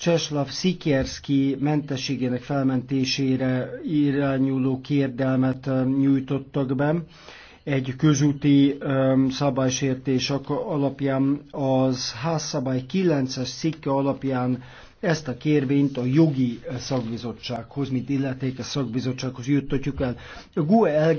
Cseslav Szikierszki mentességének felmentésére irányuló kérdelmet um, nyújtottak be. Egy közúti um, szabálysértés alapján az házszabály 9-es szikke alapján ezt a kérvényt a jogi szakbizottsághoz, mint a szakbizottsághoz juttatjuk el. A GUE